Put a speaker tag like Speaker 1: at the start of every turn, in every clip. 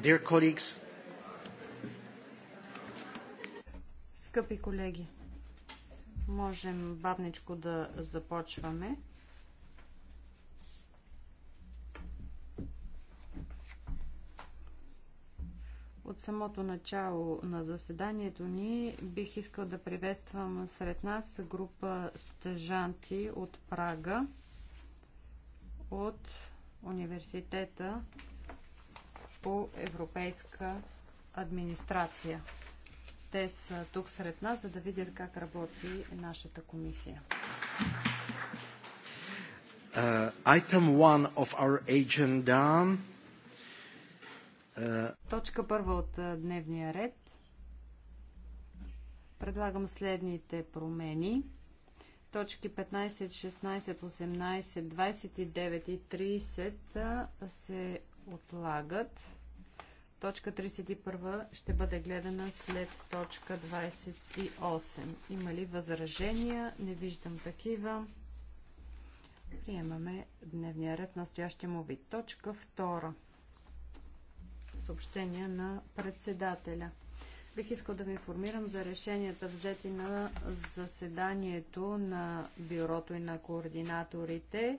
Speaker 1: Dear colleagues, Скъпи колеги, можем бавничко да започваме. От самото начало на заседанието ни бих искал да приветствам сред нас група стъжанти от Прага от университета по европейска администрация. Те са тук сред нас, за да видят как работи нашата комисия. Uh, item one of our agenda. Uh, Точка първа от дневния ред. Предлагам следните промени точки 15, 16, 18, 29 и 30 се отлагат. Точка 31 ще бъде гледана след точка 28. Има ли възражения? Не виждам такива. Приемаме дневния ред на настоящия му вид. Точка 2. Съобщение на председателя. Бих искал да ви информирам за решенията взети на заседанието на бюрото и на координаторите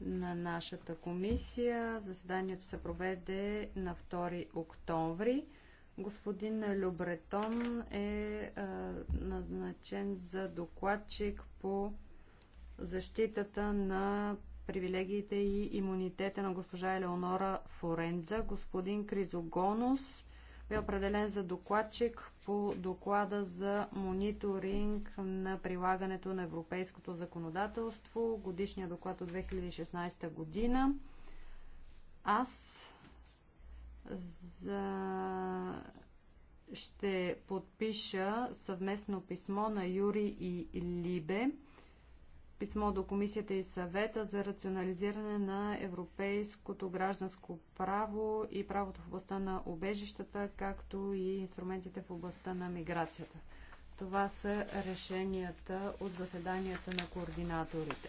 Speaker 1: на нашата комисия. Заседанието се проведе на 2 октомври. Господин Любретон е назначен за докладчик по защитата на привилегиите и имунитета на госпожа Елеонора Форенза. Господин Кризогонос бе определен за докладчик по доклада за мониторинг на прилагането на европейското законодателство, годишния доклад от 2016 година. Аз за... ще подпиша съвместно писмо на Юри и Либе писмо до Комисията и съвета за рационализиране на европейското гражданско право и правото в областта на обежищата, както и инструментите в областта на миграцията. Това са решенията от заседанията на координаторите.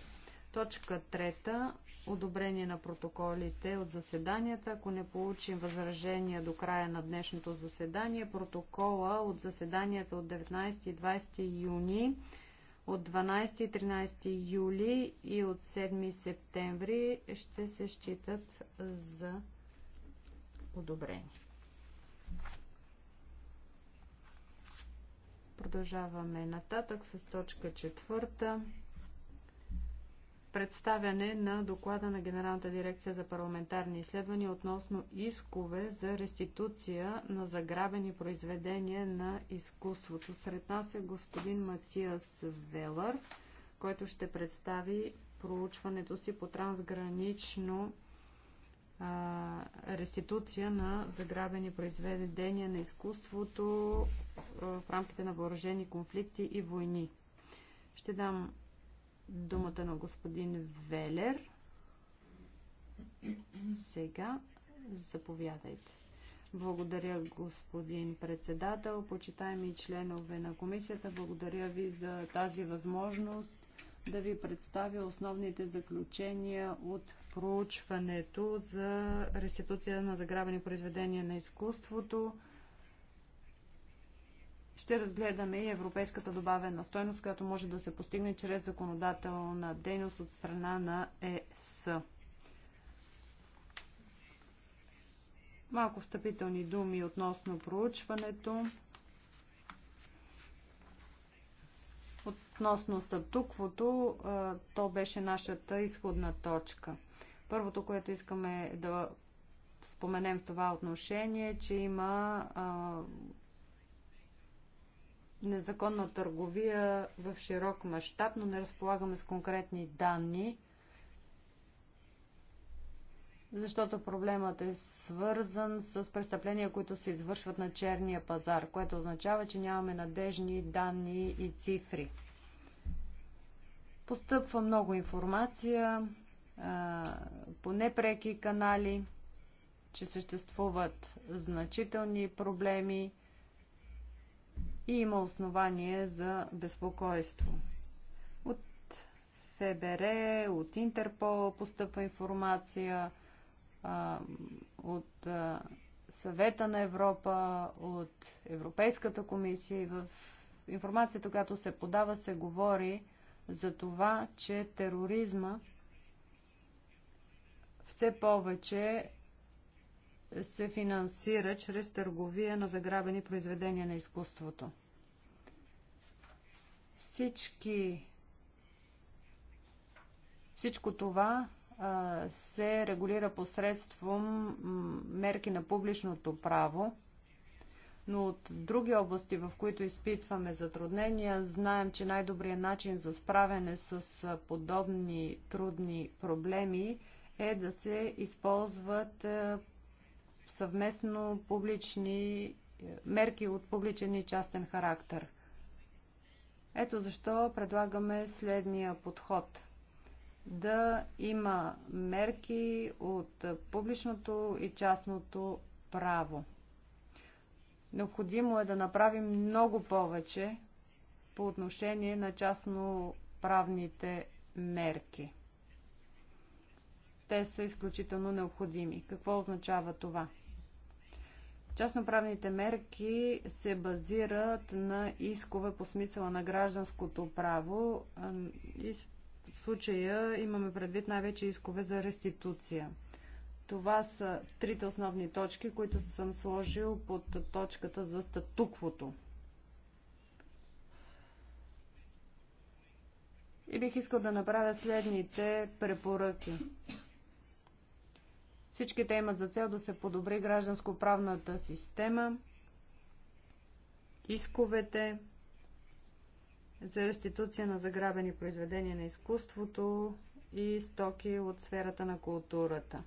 Speaker 1: Точка трета – одобрение на протоколите от заседанията. Ако не получим възражения до края на днешното заседание, протокола от заседанията от 19 и 20 юни – от 12 и 13 юли и от 7 септември ще се считат за одобрени. Продължаваме нататък с точка четвърта представяне на доклада на Генералната дирекция за парламентарни изследвания относно искове за реституция на заграбени произведения на изкуството. Сред нас е господин Матиас Велър, който ще представи проучването си по трансгранично а, реституция на заграбени произведения на изкуството в рамките на въоръжени конфликти и войни. Ще дам думата на господин Велер. Сега заповядайте. Благодаря, господин председател, почитаеми членове на комисията. Благодаря ви за тази възможност да ви представя основните заключения от проучването за реституция на заграбени произведения на изкуството ще разгледаме и европейската добавена стойност, която може да се постигне чрез законодателна дейност от страна на ЕС. Малко встъпителни думи относно проучването. Относно статуквото, то беше нашата изходна точка. Първото, което искаме да споменем в това отношение, е, че има незаконна търговия в широк мащаб, но не разполагаме с конкретни данни, защото проблемът е свързан с престъпления, които се извършват на черния пазар, което означава, че нямаме надежни данни и цифри. Постъпва много информация по непреки канали, че съществуват значителни проблеми и има основание за безпокойство. От ФБР, от Интерпол постъпва информация, от Съвета на Европа, от Европейската комисия и в информацията, която се подава, се говори за това, че тероризма все повече се финансира чрез търговия на заграбени произведения на изкуството. Всички всичко това а, се регулира посредством мерки на публичното право, но от други области, в които изпитваме затруднения, знаем, че най-добрият начин за справяне с подобни трудни проблеми е да се използват съвместно публични е, мерки от публичен и частен характер – ето защо предлагаме следния подход. Да има мерки от публичното и частното право. Необходимо е да направим много повече по отношение на частноправните мерки. Те са изключително необходими. Какво означава това? Частноправните мерки се базират на искове по смисъла на гражданското право и в случая имаме предвид най-вече искове за реституция. Това са трите основни точки, които съм сложил под точката за статуквото. И бих искал да направя следните препоръки. Всички те имат за цел да се подобри гражданско-правната система, исковете за реституция на заграбени произведения на изкуството и стоки от сферата на културата.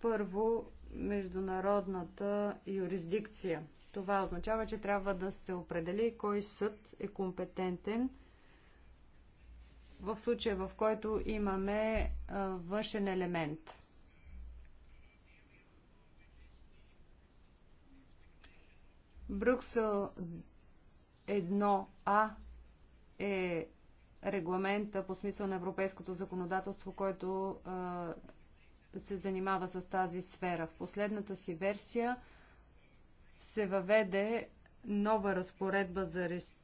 Speaker 1: Първо, международната юрисдикция. Това означава, че трябва да се определи кой съд е компетентен в случая, в който имаме външен елемент – Брюксел 1А е регламента по смисъл на европейското законодателство, който се занимава с тази сфера. В последната си версия се въведе нова разпоредба за, рес...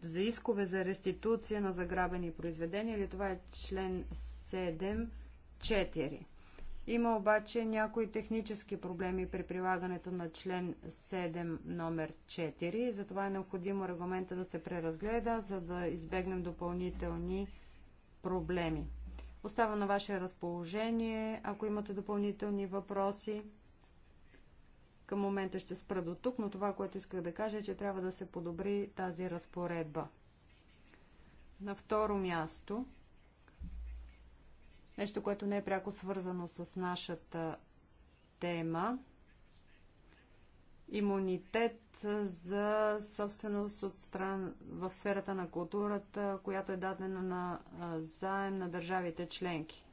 Speaker 1: за искове за реституция на заграбени произведения, или това е член 7.4. Има обаче някои технически проблеми при прилагането на член 7 номер 4 и затова е необходимо регламента да се преразгледа, за да избегнем допълнителни проблеми. Остава на ваше разположение, ако имате допълнителни въпроси. Към момента ще спра до тук, но това, което исках да кажа е, че трябва да се подобри тази разпоредба. На второ място, Нещо, което не е пряко свързано с нашата тема. Имунитет за собственост от стран в сферата на културата, която е дадена на заем на държавите членки.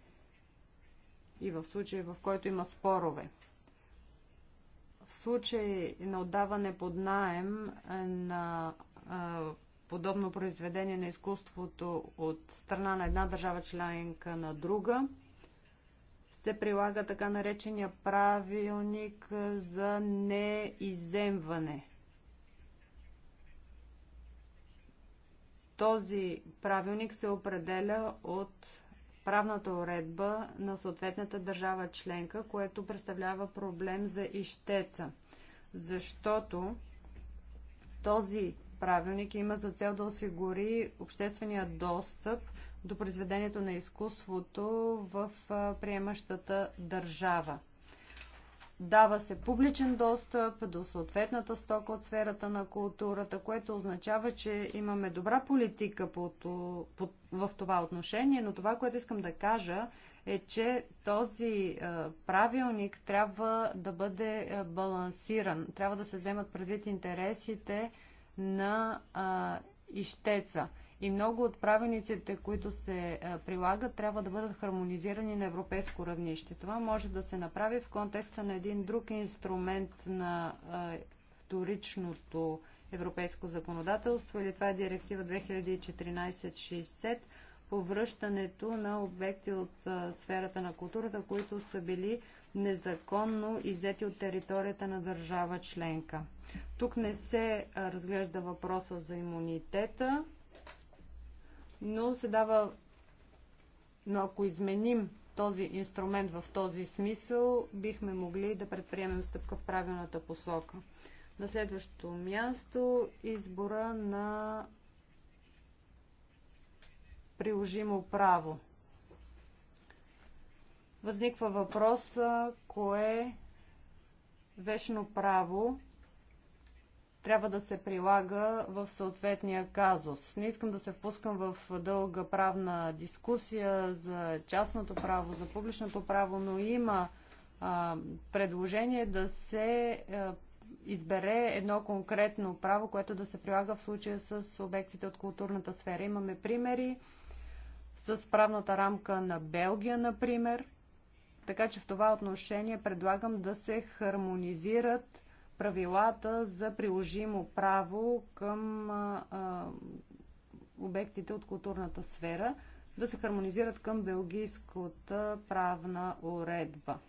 Speaker 1: И в случай, в който има спорове. В случай на отдаване под наем на подобно произведение на изкуството от страна на една държава членка на друга, се прилага така наречения правилник за неиземване. Този правилник се определя от правната уредба на съответната държава членка, което представлява проблем за ищеца, защото този правилник има за цел да осигури обществения достъп до произведението на изкуството в приемащата държава. Дава се публичен достъп до съответната стока от сферата на културата, което означава, че имаме добра политика в това отношение, но това, което искам да кажа е, че този правилник трябва да бъде балансиран. Трябва да се вземат предвид интересите на а, ищеца. И много от правениците, които се а, прилагат, трябва да бъдат хармонизирани на европейско равнище. Това може да се направи в контекста на един друг инструмент на а, вторичното европейско законодателство или това е директива 2014-60 повръщането на обекти от сферата на културата, които са били незаконно иззети от територията на държава членка. Тук не се разглежда въпроса за имунитета, но се дава, но ако изменим този инструмент в този смисъл, бихме могли да предприемем стъпка в правилната посока. На следващото място избора на приложимо право. Възниква въпрос, кое вечно право трябва да се прилага в съответния казус. Не искам да се впускам в дълга правна дискусия за частното право, за публичното право, но има а, предложение да се а, избере едно конкретно право, което да се прилага в случая с обектите от културната сфера. Имаме примери с правната рамка на Белгия, например. Така че в това отношение предлагам да се хармонизират правилата за приложимо право към а, а, обектите от културната сфера, да се хармонизират към белгийската правна уредба.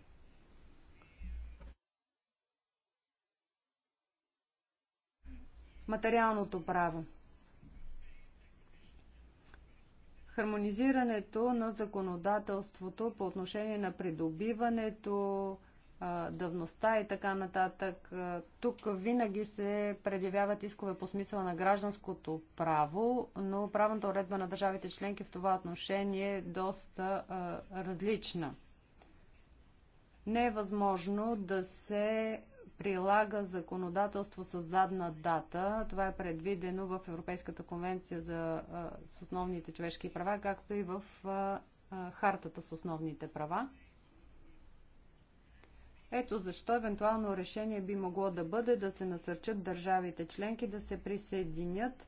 Speaker 1: Материалното право. Хармонизирането на законодателството по отношение на придобиването, давността и така нататък. Тук винаги се предявяват искове по смисъла на гражданското право, но правната уредба на държавите членки в това отношение е доста различна. Не е възможно да се прилага законодателство с задна дата. Това е предвидено в Европейската конвенция за, а, с основните човешки права, както и в а, а, хартата с основните права. Ето защо евентуално решение би могло да бъде да се насърчат държавите членки да се присъединят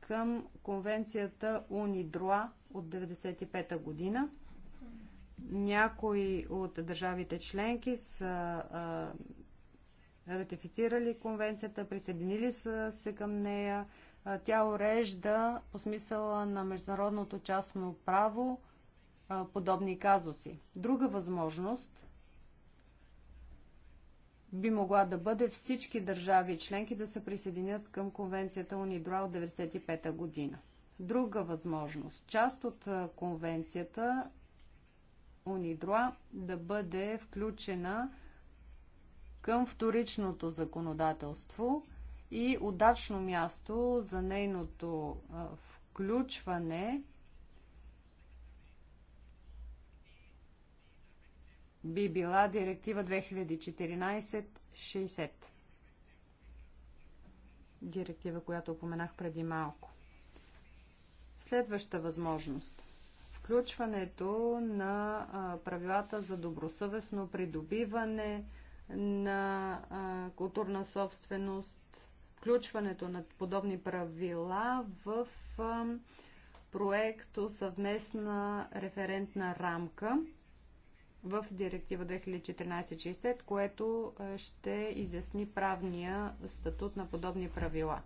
Speaker 1: към конвенцията УНИДРОА от 1995 година. Някои от държавите членки са а, ратифицирали конвенцията, присъединили са се към нея. Тя урежда по смисъла на международното частно право подобни казуси. Друга възможност би могла да бъде всички държави членки да се присъединят към конвенцията Унидра от 1995 година. Друга възможност. Част от конвенцията Унидра да бъде включена към вторичното законодателство и удачно място за нейното включване би била директива 2014-60. Директива, която упоменах преди малко. Следваща възможност. Включването на правилата за добросъвестно придобиване, на а, културна собственост, включването на подобни правила в а, проекто съвместна референтна рамка в Директива 2014-60, което ще изясни правния статут на подобни правила.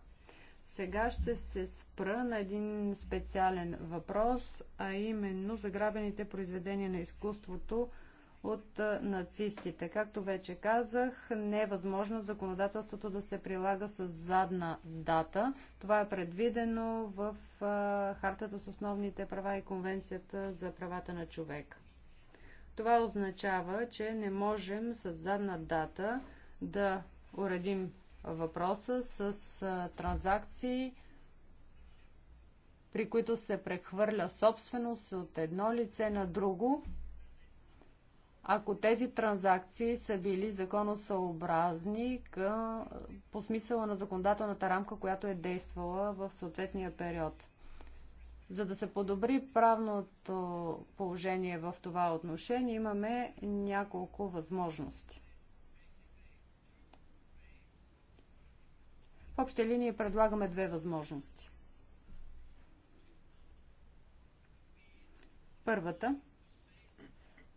Speaker 1: Сега ще се спра на един специален въпрос, а именно заграбените произведения на изкуството – от нацистите. Както вече казах, не е възможно законодателството да се прилага с задна дата. Това е предвидено в Хартата с основните права и Конвенцията за правата на човека. Това означава, че не можем с задна дата да уредим въпроса с транзакции, при които се прехвърля собственост от едно лице на друго ако тези транзакции са били законосъобразни към, по смисъла на законодателната рамка, която е действала в съответния период. За да се подобри правното положение в това отношение, имаме няколко възможности. В общи линии предлагаме две възможности. Първата –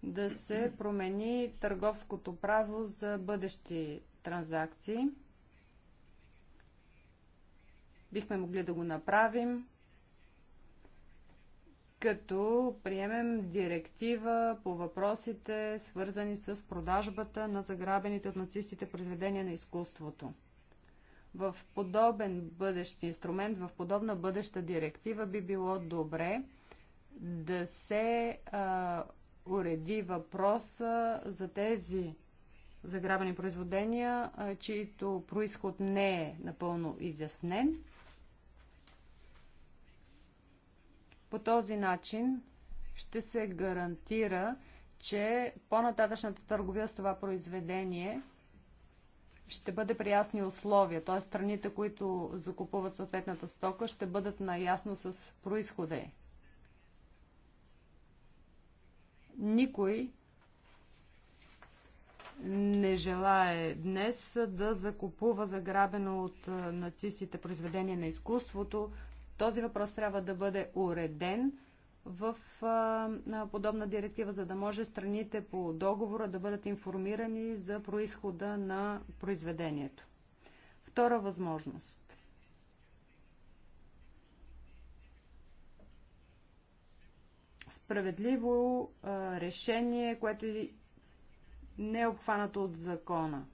Speaker 1: да се промени търговското право за бъдещи транзакции. Бихме могли да го направим, като приемем директива по въпросите, свързани с продажбата на заграбените от нацистите произведения на изкуството. В подобен бъдещ инструмент, в подобна бъдеща директива би било добре да се а, уреди въпроса за тези заграбени произведения, чието происход не е напълно изяснен. По този начин ще се гарантира, че по-нататъчната търговия с това произведение ще бъде при ясни условия, т.е. страните, които закупуват съответната стока, ще бъдат наясно с происхода Никой не желае днес да закупува заграбено от нацистите произведение на изкуството. Този въпрос трябва да бъде уреден в а, подобна директива, за да може страните по договора да бъдат информирани за происхода на произведението. Втора възможност справедливо а, решение, което не е обхванато от закона.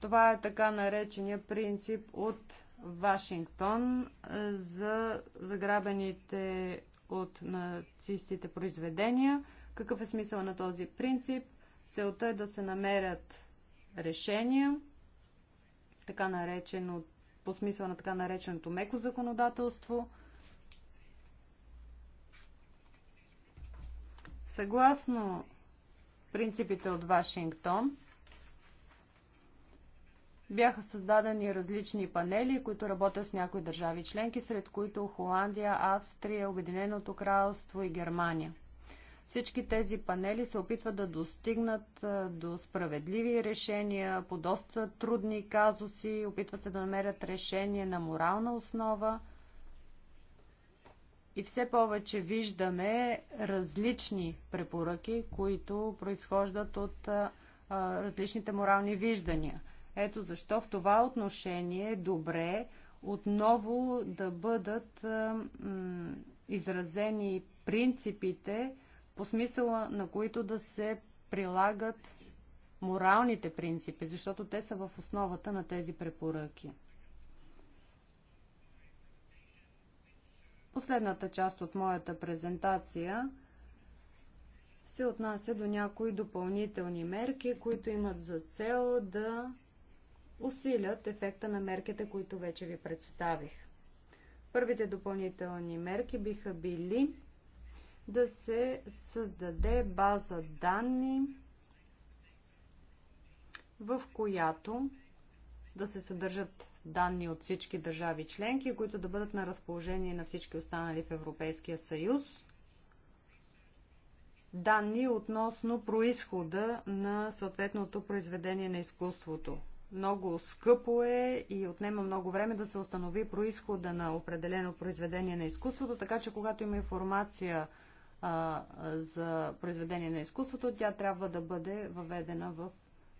Speaker 1: Това е така наречения принцип от Вашингтон за заграбените от нацистите произведения. Какъв е смисъл на този принцип? Целта е да се намерят решения, така наречено, по смисъл на така нареченото меко законодателство – Съгласно принципите от Вашингтон, бяха създадени различни панели, които работят с някои държави членки, сред които Холандия, Австрия, Обединеното кралство и Германия. Всички тези панели се опитват да достигнат до справедливи решения по доста трудни казуси, опитват се да намерят решение на морална основа – и все повече виждаме различни препоръки, които произхождат от а, различните морални виждания. Ето защо в това отношение е добре отново да бъдат а, м, изразени принципите, по смисъла на които да се прилагат моралните принципи, защото те са в основата на тези препоръки. Последната част от моята презентация се отнася до някои допълнителни мерки, които имат за цел да усилят ефекта на мерките, които вече ви представих. Първите допълнителни мерки биха били да се създаде база данни, в която да се съдържат данни от всички държави членки, които да бъдат на разположение на всички останали в Европейския съюз. Данни относно происхода на съответното произведение на изкуството. Много скъпо е и отнема много време да се установи происхода на определено произведение на изкуството, така че когато има информация а, за произведение на изкуството, тя трябва да бъде въведена в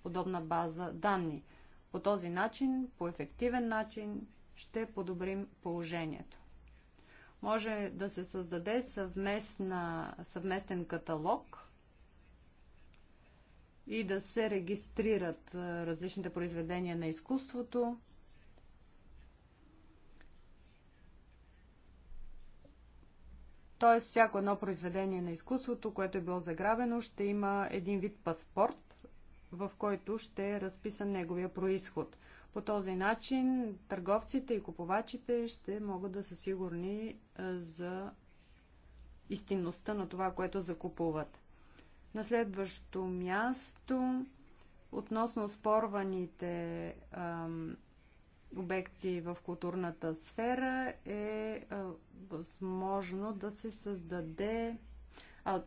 Speaker 1: подобна база данни. По този начин, по ефективен начин, ще подобрим положението. Може да се създаде съвместна, съвместен каталог и да се регистрират различните произведения на изкуството, Т.е. всяко едно произведение на изкуството, което е било заграбено, ще има един вид паспорт, в който ще е разписан неговия происход. По този начин търговците и купувачите ще могат да са сигурни е, за истинността на това, което закупуват. На следващо място, относно спорваните ам, обекти в културната сфера, е а, е, възможно да се създаде а,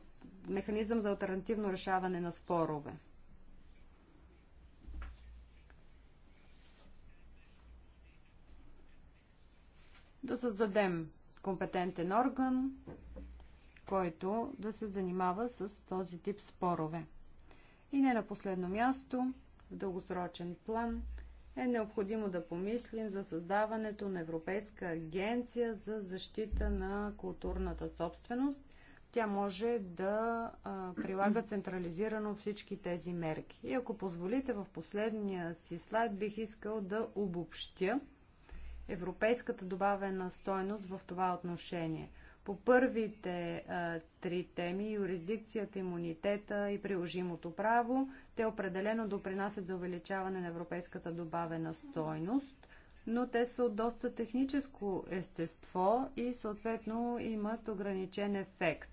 Speaker 1: механизъм за альтернативно решаване на спорове. да създадем компетентен орган, който да се занимава с този тип спорове. И не на последно място, в дългосрочен план е необходимо да помислим за създаването на Европейска агенция за защита на културната собственост. Тя може да а, прилага централизирано всички тези мерки. И ако позволите, в последния си слайд бих искал да обобщя европейската добавена стойност в това отношение. По първите а, три теми юрисдикцията, имунитета и приложимото право те определено допринасят за увеличаване на европейската добавена стойност, но те са от доста техническо естество и съответно имат ограничен ефект.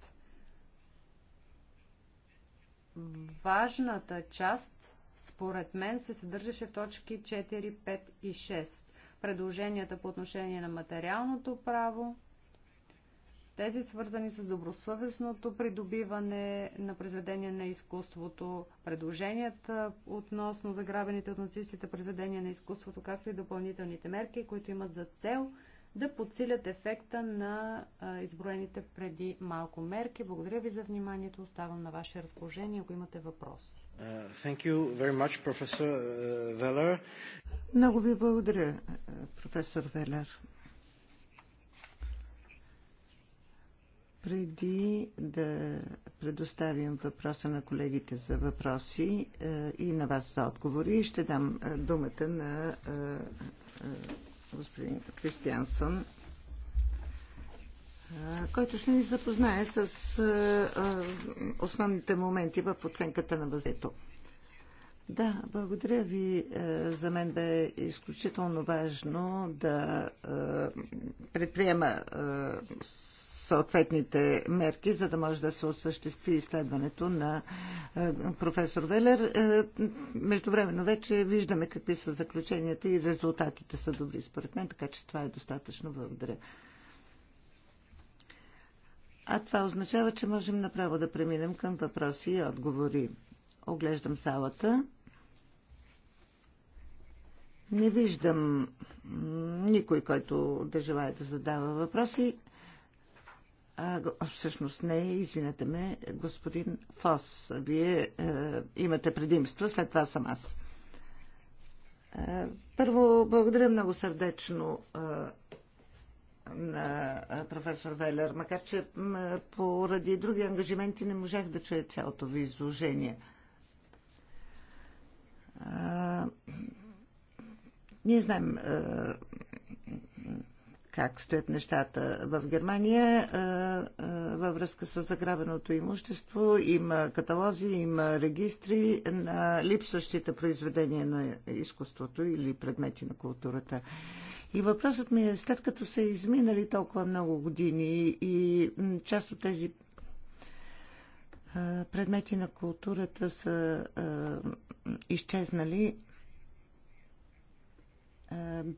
Speaker 1: Важната част, според мен, се съдържаше в точки 4, 5 и 6 предложенията по отношение на материалното право, тези свързани с добросъвестното придобиване на произведения на изкуството, предложенията относно заграбените от нацистите произведения на изкуството, както и допълнителните мерки, които имат за цел – да подсилят ефекта на изброените преди малко мерки. Благодаря ви за вниманието. Оставам на ваше разположение, ако имате въпроси. Uh, much, uh,
Speaker 2: Много ви благодаря, uh, професор Велер. Преди да предоставим въпроса на колегите за въпроси uh, и на вас за отговори, ще дам думата на господин Кристиансън, който ще ни запознае с основните моменти в оценката на възето. Да, благодаря ви. За мен бе изключително важно да предприема съответните мерки, за да може да се осъществи изследването на е, професор Велер. Е, междувременно вече виждаме какви са заключенията и резултатите са добри според мен, така че това е достатъчно. Благодаря. А това означава, че можем направо да преминем към въпроси и отговори. Оглеждам салата. Не виждам никой, който да желая да задава въпроси. А, всъщност не, извинете ме, господин Фос. Вие е, имате предимство, след това съм аз. Е, първо, благодаря много сърдечно е, на е, професор Велер, макар че е, поради други ангажименти не можах да чуя цялото ви изложение. Е, ние знаем как стоят нещата в Германия във връзка с заграбеното имущество. Има каталози, има регистри на липсващите произведения на изкуството или предмети на културата. И въпросът ми е, след като са изминали толкова много години и част от тези предмети на културата са изчезнали,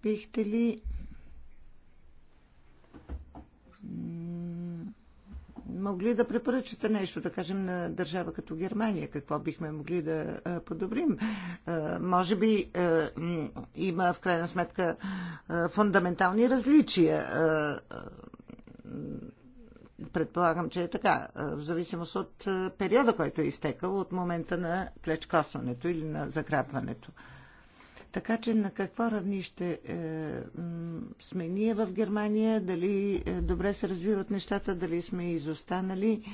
Speaker 2: бихте ли могли да препоръчате нещо, да кажем, на държава като Германия? Какво бихме могли да подобрим? Може би има в крайна сметка фундаментални различия. Предполагам, че е така. В зависимост от периода, който е изтекал от момента на клечкосването или на закрапването. Така че на какво равнище е, сме ние в Германия, дали е, добре се развиват нещата, дали сме изостанали,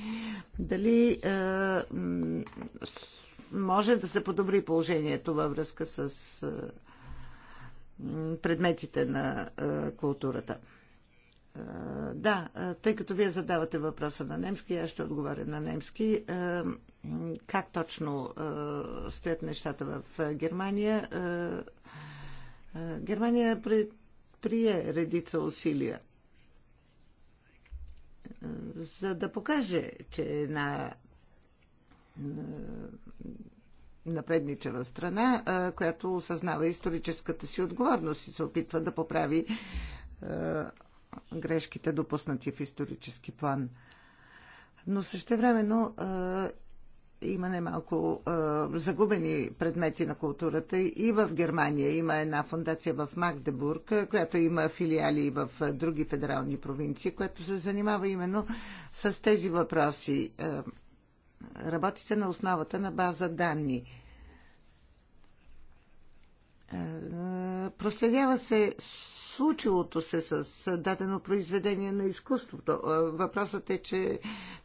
Speaker 2: дали е, може да се подобри положението във връзка с е, предметите на е, културата. Е, да, е, тъй като вие задавате въпроса на немски, аз ще отговоря на немски. Е, как точно стоят нещата в Германия? Германия предприе редица усилия за да покаже, че е една напредничава страна, която осъзнава историческата си отговорност и се опитва да поправи грешките, допуснати в исторически план. Но същевременно има немалко а, загубени предмети на културата и в Германия. Има една фундация в Магдебург, която има филиали и в други федерални провинции, която се занимава именно с тези въпроси. А, работи се на основата на база данни. Проследява се случилото се с дадено произведение на изкуството. Въпросът е, че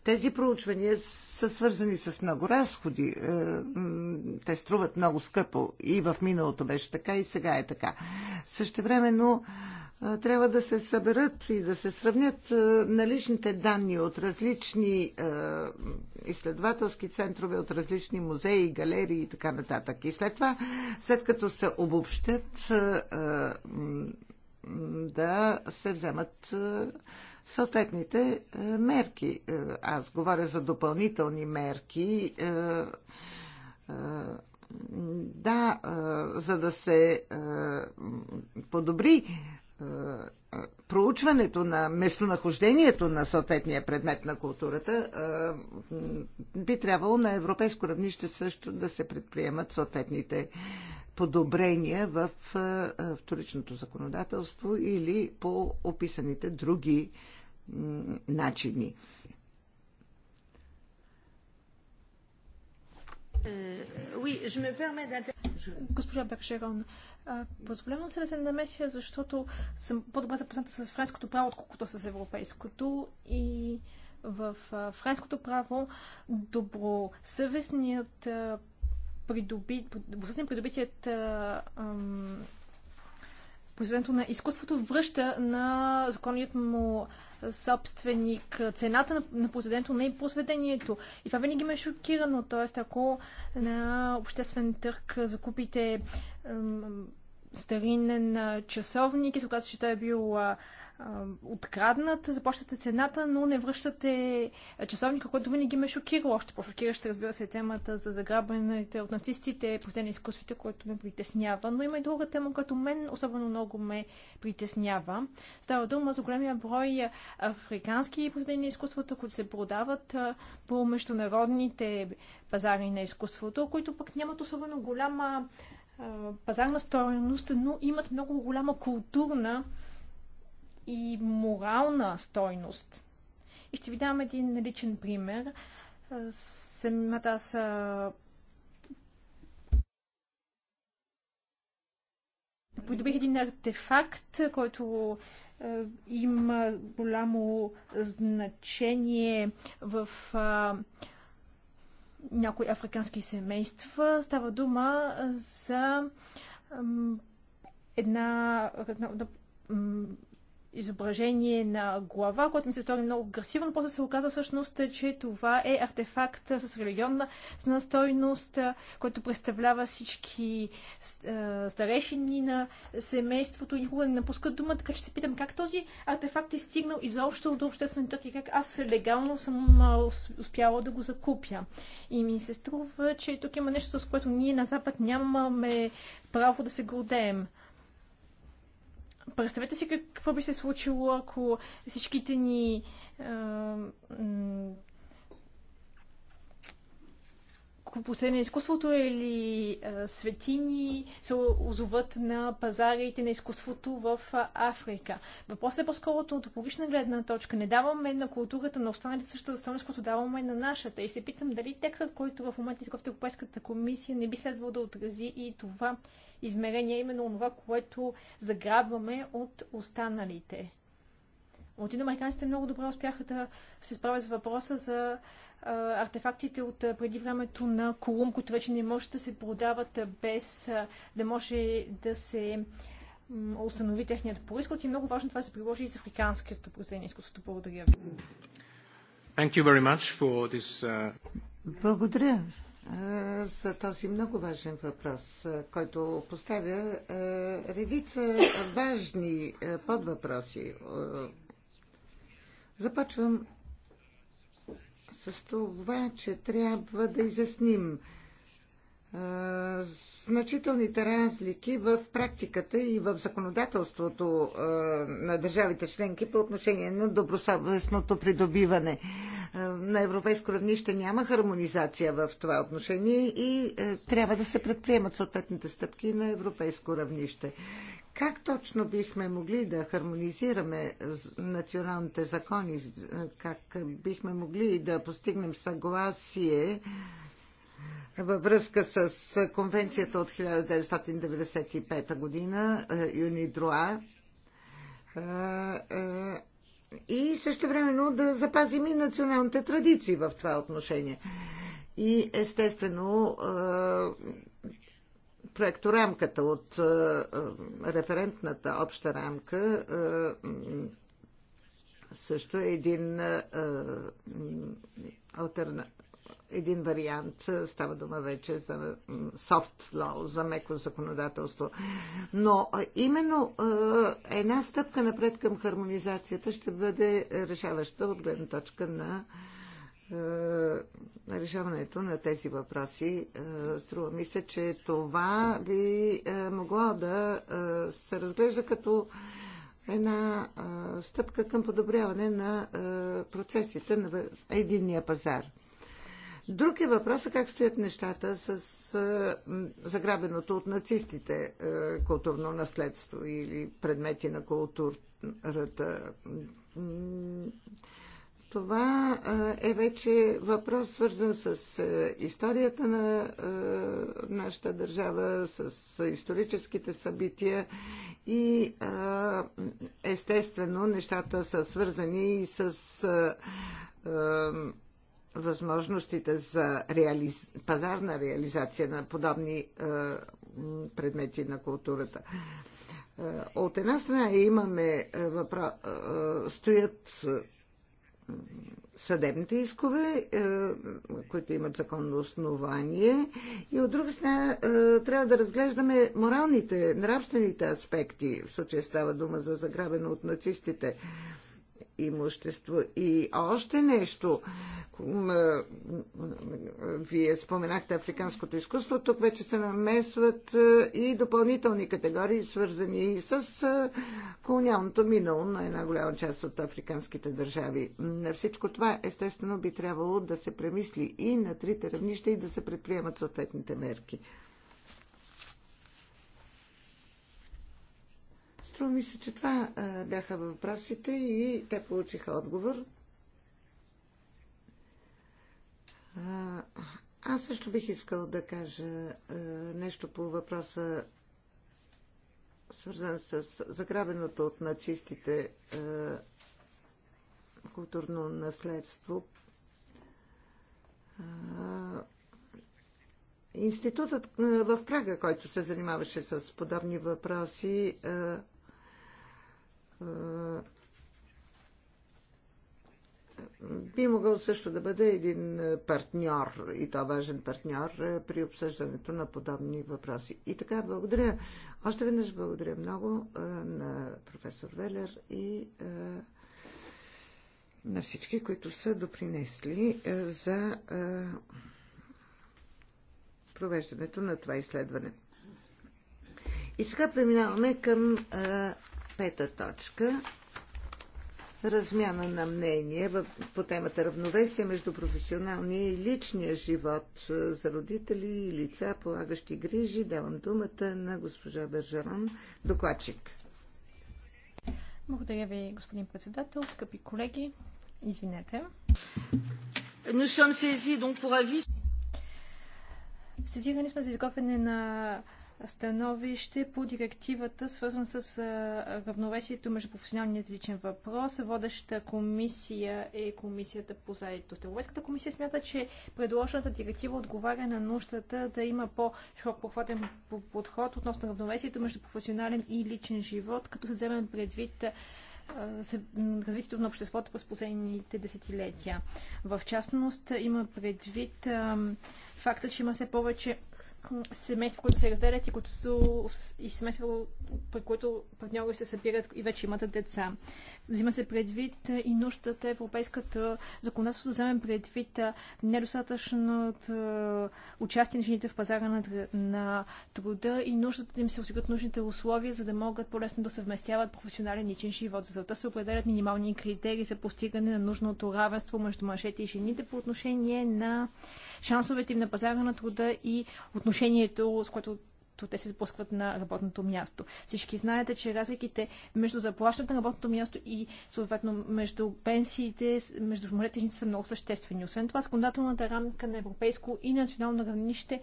Speaker 2: тези проучвания са свързани с много разходи. Е, те струват много скъпо. И в миналото беше така, и сега е така. Същевременно е, трябва да се съберат и да се сравнят е, наличните данни от различни изследователски центрове, от различни музеи, галерии и така нататък. И след това, след като се обобщат да се вземат е, съответните е, мерки. Е, аз говоря за допълнителни мерки. Да, за да се подобри проучването на местонахождението на съответния предмет на културата, би трябвало на европейско равнище също да се предприемат съответните подобрения в вторичното законодателство или по описаните други начини.
Speaker 3: Е, Госпожа Бекшерон, позволявам се да се намеся, защото съм по-добре запозната с френското право, отколкото с европейското и в френското право добросъвестният придоби, придобитият произведението на изкуството връща на законният му собственик цената на, на произведението, не и е произведението. И това винаги ме е шокирано. Тоест, ако на обществен търг закупите ем, старинен часовник и се оказва, че той е бил а, откраднат, започвате цената, но не връщате часовника, който винаги ме шокирало. Още по-шокираща, разбира се, е темата за заграбените от нацистите последни изкуствите, което ме притеснява. Но има и друга тема, която мен особено много ме притеснява. Става дума за големия брой африкански последни изкуствата, които се продават по международните пазари на изкуството, които пък нямат особено голяма пазарна стоеност, но имат много голяма културна и морална стойност. И ще ви дам един личен пример. Самата аз подобих един артефакт, който е, има голямо значение в е, някои африкански семейства. Става дума за е, една, една изображение на глава, което ми се стори много красиво, но после се оказа всъщност, че това е артефакт с религионна настойност, който представлява всички е, старешини на семейството и никога не напускат дума, така че се питам как този артефакт е стигнал изобщо до обществен търг и как аз легално съм успяла да го закупя. И ми се струва, че тук има нещо, с което ние на Запад нямаме право да се гордеем. Представете си какво би се случило, ако всичките ни някакво последно изкуството или е а, светини се озоват на пазарите на изкуството в а, Африка. Въпросът е по-скоро от антропологична гледна точка. Не даваме на културата на останалите същата стойност, която даваме на нашата. И се питам дали текстът, който в момента изготвя Европейската комисия, не би следвало да отрази и това измерение, именно това, което заграбваме от останалите. Латиноамериканците много добре успяха да се справят с въпроса за артефактите от преди времето на Колум, които вече не може да се продават без да може да се установи техният происход и много важно това се приложи и с африканското произведение на изкуството. Благодаря ви.
Speaker 1: Thank you very much for this, uh...
Speaker 2: Благодаря за този много важен въпрос, който поставя редица важни подвъпроси. Започвам с това, че трябва да изясним значителните разлики в практиката и в законодателството на държавите членки по отношение на добросъвестното придобиване. На европейско равнище няма хармонизация в това отношение и трябва да се предприемат съответните стъпки на европейско равнище. Как точно бихме могли да хармонизираме националните закони? Как бихме могли да постигнем съгласие във връзка с конвенцията от 1995 година, е, юни Друа, е, е, и също времено да запазим и националните традиции в това отношение. И естествено проекторамката, от е, е, референтната обща рамка е, също е един, алтерна... един вариант. Става дума вече за soft law, за меко законодателство. Но именно една стъпка напред към хармонизацията ще бъде решаваща от гледна точка на е, решаването на тези въпроси. Е, струва ми се, че това би е, могло да се разглежда като една стъпка към подобряване на процесите на единния пазар. Друг е въпросът как стоят нещата с заграбеното от нацистите културно наследство или предмети на културата това е вече въпрос свързан с историята на нашата държава, с историческите събития и естествено нещата са свързани и с възможностите за реали... пазарна реализация на подобни предмети на културата. От една страна имаме въпро... стоят съдебните искове, е, които имат законно основание, и от друга страна е, трябва да разглеждаме моралните, нравствените аспекти, в случая става дума за заграбено от нацистите имущество. И още нещо. Вие споменахте африканското изкуство. Тук вече се намесват е, и допълнителни категории, свързани и с е, колониалното минало на една голяма част от африканските държави. На всичко това, естествено, би трябвало да се премисли и на трите равнища и да се предприемат съответните мерки. Струва ми се, че това бяха въпросите и те получиха отговор. Аз също бих искал да кажа нещо по въпроса, свързан с заграбеното от нацистите културно наследство. Институтът в Прага, който се занимаваше с подобни въпроси, би могъл също да бъде един партньор, и то важен партньор, е, при обсъждането на подобни въпроси. И така, благодаря. Още веднъж благодаря много е, на професор Велер и е, на всички, които са допринесли за провеждането на това изследване. И сега преминаваме към Пета точка. Размяна на мнение по темата равновесие между професионалния и личния живот за родители и лица, полагащи грижи. Давам думата на госпожа Бержаран, докладчик.
Speaker 3: Благодаря ви, господин председател, скъпи колеги. Извинете. Nous sommes saisis donc pour avis. Сезирани сме за изготвяне на становище по директивата, свързана с равновесието между професионалният и личен въпрос. Водеща комисия е комисията по заедост. Европейската комисия смята, че предложената директива отговаря на нуждата да има по-широк похватен подход относно равновесието между професионален и личен живот, като се вземе предвид развитието на обществото през последните десетилетия. В частност има предвид факта, че има все повече семейства, които се разделят и, които са, и семейства, при които партньори се събират и вече имат деца. Взима се предвид и нуждата европейската законодателство да вземе предвид недостатъчното участие на жените в пазара на, на труда и нуждата да им се осигурят нужните условия, за да могат по-лесно да съвместяват професионален личен живот. За целта се определят минимални критерии за постигане на нужното равенство между мъжете и жените по отношение на шансовете им на пазара на труда и отношението, с което когато те се сблъскват на работното място. Всички знаете, че разликите между заплащането на работното място и съответно между пенсиите, между младежите са много съществени. Освен това, законодателната рамка на европейско и национално равнище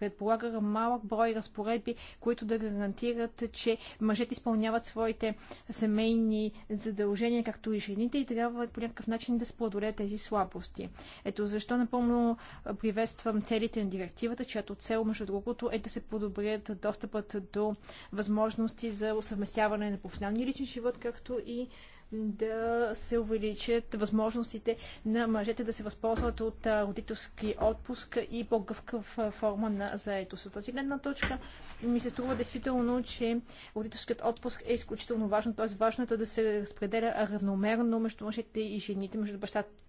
Speaker 3: предполага малък брой разпоредби, които да гарантират, че мъжете изпълняват своите семейни задължения, както и жените, и трябва по някакъв начин да споделят тези слабости. Ето защо напълно приветствам целите на директивата, чиято цел, между другото, е да се подобрят достъпът до възможности за съвместяване на професионалния личен живот, както и да се увеличат възможностите на мъжете да се възползват от родителски отпуск и по-гъвкав форма на заетост. От тази гледна точка ми се струва действително, че родителският отпуск е изключително важно, т.е. важно е да се разпределя равномерно между мъжете и жените, между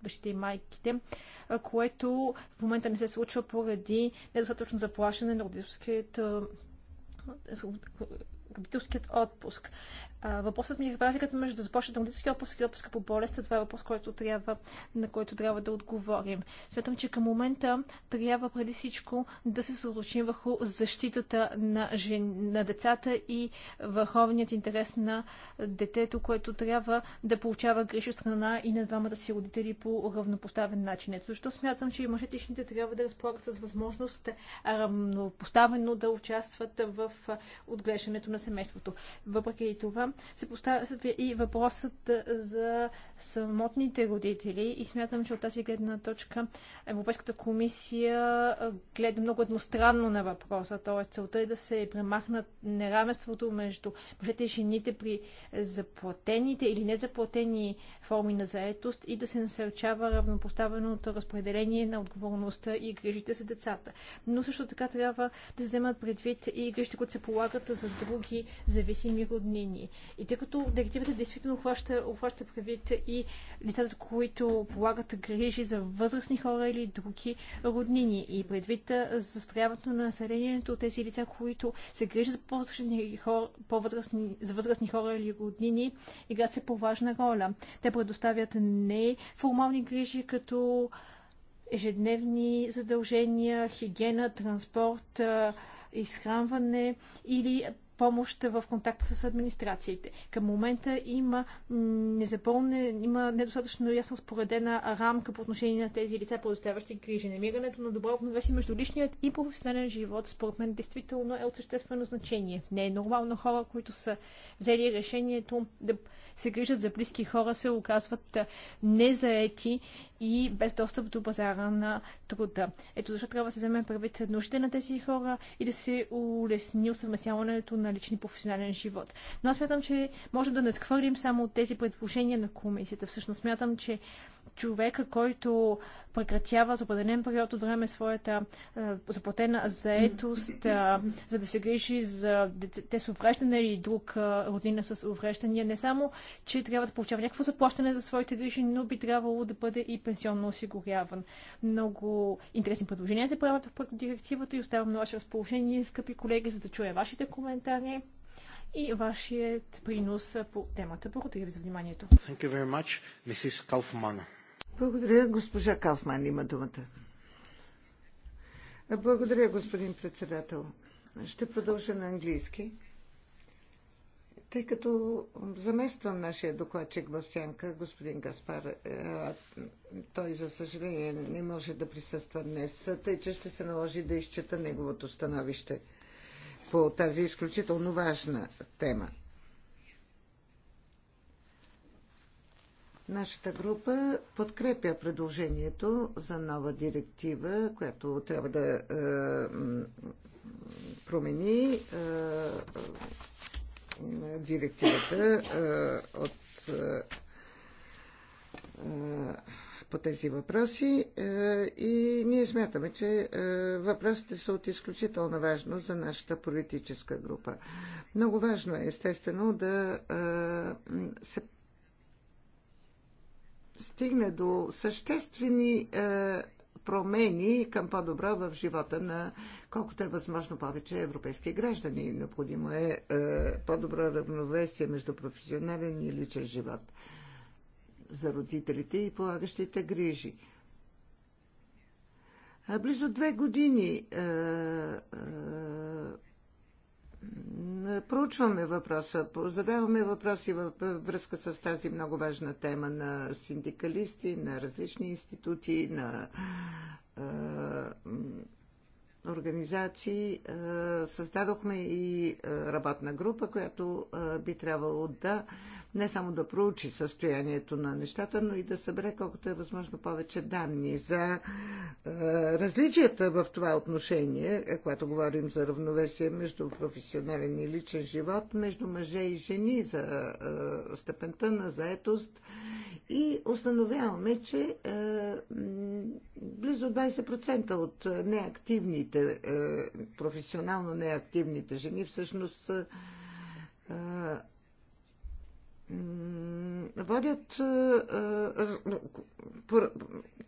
Speaker 3: бащите и майките, което в момента не се случва поради недостатъчно заплащане на родителският родителският отпуск. Въпросът ми е разликата между да започне драматически отпуск и отпуска по болест. Това е въпрос, който трябва, на който трябва да отговорим. Смятам, че към момента трябва преди всичко да се съсредоточим върху защитата на, жен... на децата и върховният интерес на детето, което трябва да получава грижа от страна и на двамата си родители по равнопоставен начин. Ето защо смятам, че и мъжетичните трябва да разполагат с възможност равнопоставено да участват в отглеждането на семейството. Въпреки и това, се поставя и въпросът за самотните родители и смятам, че от тази гледна точка Европейската комисия гледа много едностранно на въпроса, т.е. целта е да се премахнат неравенството между мъжете и жените при заплатените или незаплатени форми на заетост и да се насърчава равнопоставеното разпределение на отговорността и грижите за децата. Но също така трябва да се вземат предвид и грижите, които се полагат за други зависими роднини. И тъй като директивата действително обхваща правит и лицата, които полагат грижи за възрастни хора или други роднини и предвид застрояването на населението, тези лица, които се грижат за по-възрастни хора, по-възрастни, за възрастни хора или роднини, играят се по-важна роля. Те предоставят не формални грижи, като ежедневни задължения, хигиена, транспорт, изхранване или помощ в контакт с администрациите. Към момента има незапълне, има недостатъчно ясно споредена рамка по отношение на тези лица, предоставящи грижи. Намирането на добро равновесие между личният и професионален живот, според мен, е действително е от съществено значение. Не е нормално хора, които са взели решението да се грижат за близки хора, се оказват незаети и без достъп до пазара на труда. Ето защо трябва да се вземе правите нуждите на тези хора и да се улесни усъвместяването на на лични професионален живот. Но аз смятам, че можем да надхвърлим само тези предложения на комисията. Всъщност смятам, че човека, който прекратява за определен период от време своята а, заплатена заетост, а, за да се грижи за дете с увреждане или друг а, родина с увреждания. Не само, че трябва да получава някакво заплащане за своите грижи, но би трябвало да бъде и пенсионно осигуряван. Много интересни предложения се правят в директивата и оставам на ваше разположение, скъпи колеги, за да чуя вашите коментари и вашият принос по темата. Благодаря ви за вниманието. Thank
Speaker 1: you very much, Mrs. Kaufman.
Speaker 3: Благодаря,
Speaker 2: госпожа Кауфман има думата. Благодаря, господин председател. Ще продължа на английски. Тъй като замествам нашия докладчик в сянка, господин Гаспар, е, той за съжаление не може да присъства днес, тъй че ще се наложи да изчета неговото становище – по тази изключително важна тема. Нашата група подкрепя предложението за нова директива, която трябва да е, промени е, директивата е, от. Е, е по тези въпроси е, и ние смятаме, че е, въпросите са от изключително важно за нашата политическа група. Много важно е, естествено, да е, се стигне до съществени промени към по-добро в живота на колкото е възможно повече европейски граждани. Необходимо е, е по-добро равновесие между професионален и личен живот за родителите и полагащите грижи. Близо две години а, а, проучваме въпроса, задаваме въпроси във връзка с тази много важна тема на синдикалисти, на различни институти, на а, организации. Създадохме и работна група, която би трябвало да не само да проучи състоянието на нещата, но и да събере колкото е възможно повече данни за е, различията в това отношение, е, когато говорим за равновесие между професионален и личен живот, между мъже и жени, за е, степента на заетост. И установяваме, че близо 20% от неактивните, професионално неактивните жени всъщност водят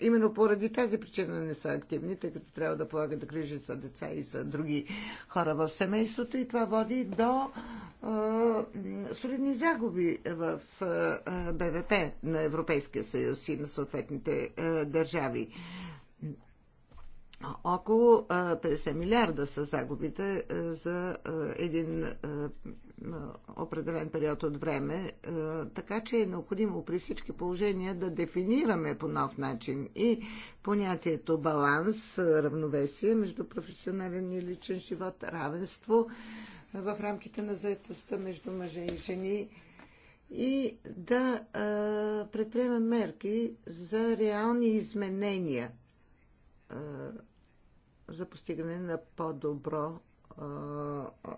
Speaker 2: именно поради тази причина не са активни, тъй като трябва да полагат да грижат за деца и за други хора в семейството и това води до солидни загуби в БВП на Европейския съюз и на съответните държави. Около 50 милиарда са загубите за един е, определен период от време, е, така че е необходимо при всички положения да дефинираме по нов начин и понятието баланс, е, равновесие между професионален и личен живот, равенство в рамките на заедостта между мъже и жени и да предприемем мерки за реални изменения за постигане на по-добро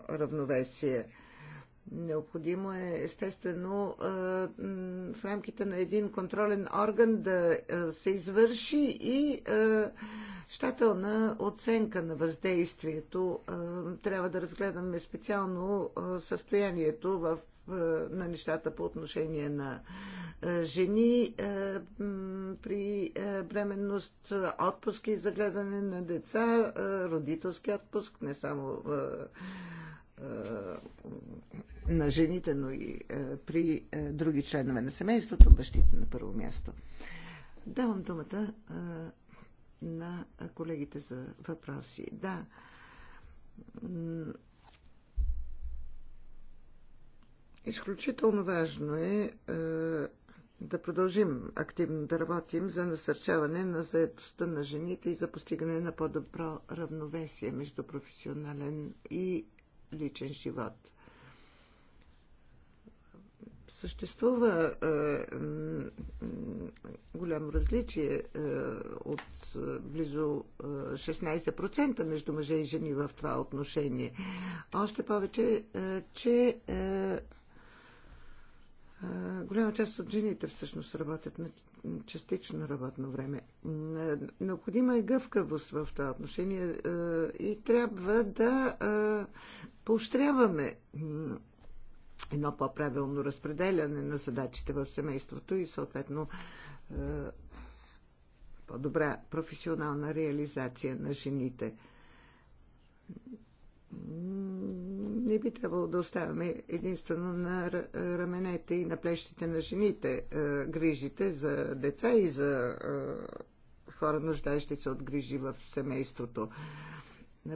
Speaker 2: равновесие. Необходимо е, естествено, е, в рамките на един контролен орган да е, се извърши и е, щателна оценка на въздействието. Трябва да разгледаме специално състоянието в, на нещата по отношение на жени при бременност, отпуски за гледане на деца, родителски отпуск, не само на жените, но и е, при е, други членове на семейството, бащите на първо място. Давам думата е, на колегите за въпроси. Да. Изключително важно е да продължим активно да работим за насърчаване на заедостта на жените и за постигане на по-добро равновесие между професионален и личен живот съществува е, голямо различие е, от е, близо 16% между мъже и жени в това отношение. Още повече, че голяма част от жените всъщност работят на частично работно време. Необходима е гъвкавост в това отношение и трябва да поощряваме едно по-правилно разпределяне на задачите в семейството и съответно е, по-добра професионална реализация на жените. Не би трябвало да оставяме единствено на раменете и на плещите на жените е, грижите за деца и за е, хора, нуждаещи се от грижи в семейството.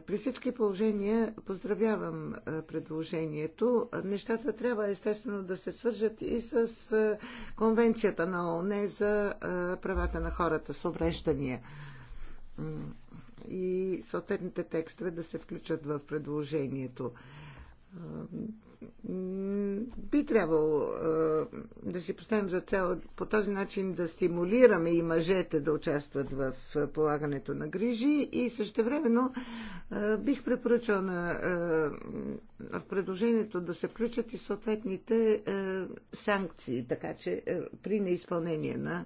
Speaker 2: При всички положения поздравявам предложението. Нещата трябва естествено да се свържат и с Конвенцията на ООН за правата на хората с увреждания. И съответните текстове да се включат в предложението би трябвало да си поставим за цел по този начин да стимулираме и мъжете да участват в полагането на грижи и същевременно бих препоръчал на, в предложението да се включат и съответните санкции, така че при неизпълнение на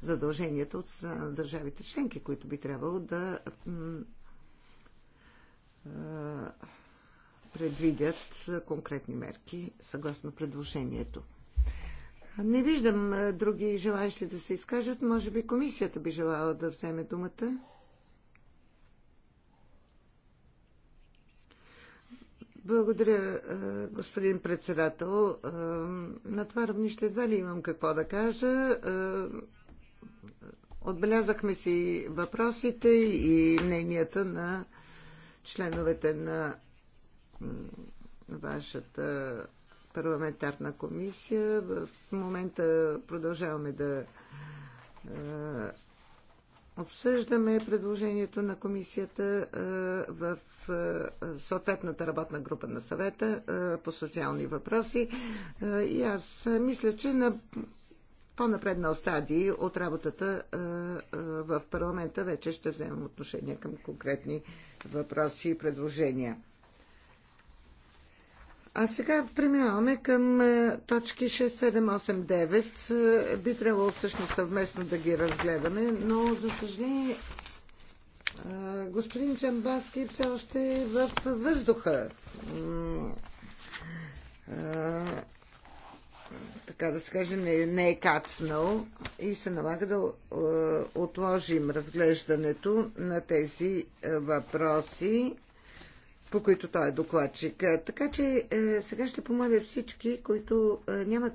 Speaker 2: задълженията от страна на държавите членки, които би трябвало да предвидят конкретни мерки съгласно предложението. Не виждам други желаящи да се изкажат. Може би комисията би желала да вземе думата. Благодаря, господин председател. На това равнище едва ли имам какво да кажа. Отбелязахме си въпросите и мненията на членовете на вашата парламентарна комисия. В момента продължаваме да обсъждаме предложението на комисията в съответната работна група на съвета по социални въпроси. И аз мисля, че на по-напреднал стадии от работата в парламента вече ще вземем отношение към конкретни въпроси и предложения. А сега преминаваме към е, точки 6, 7, 8, 9. Би трябвало всъщност съвместно да ги разгледаме, но за съжаление е, господин Чамбаски все още е в въздуха. Е, така да се каже, не, не е кацнал и се налага да отложим разглеждането на тези въпроси по които той е докладчик. Е, така че е, сега ще помоля всички, които е, нямат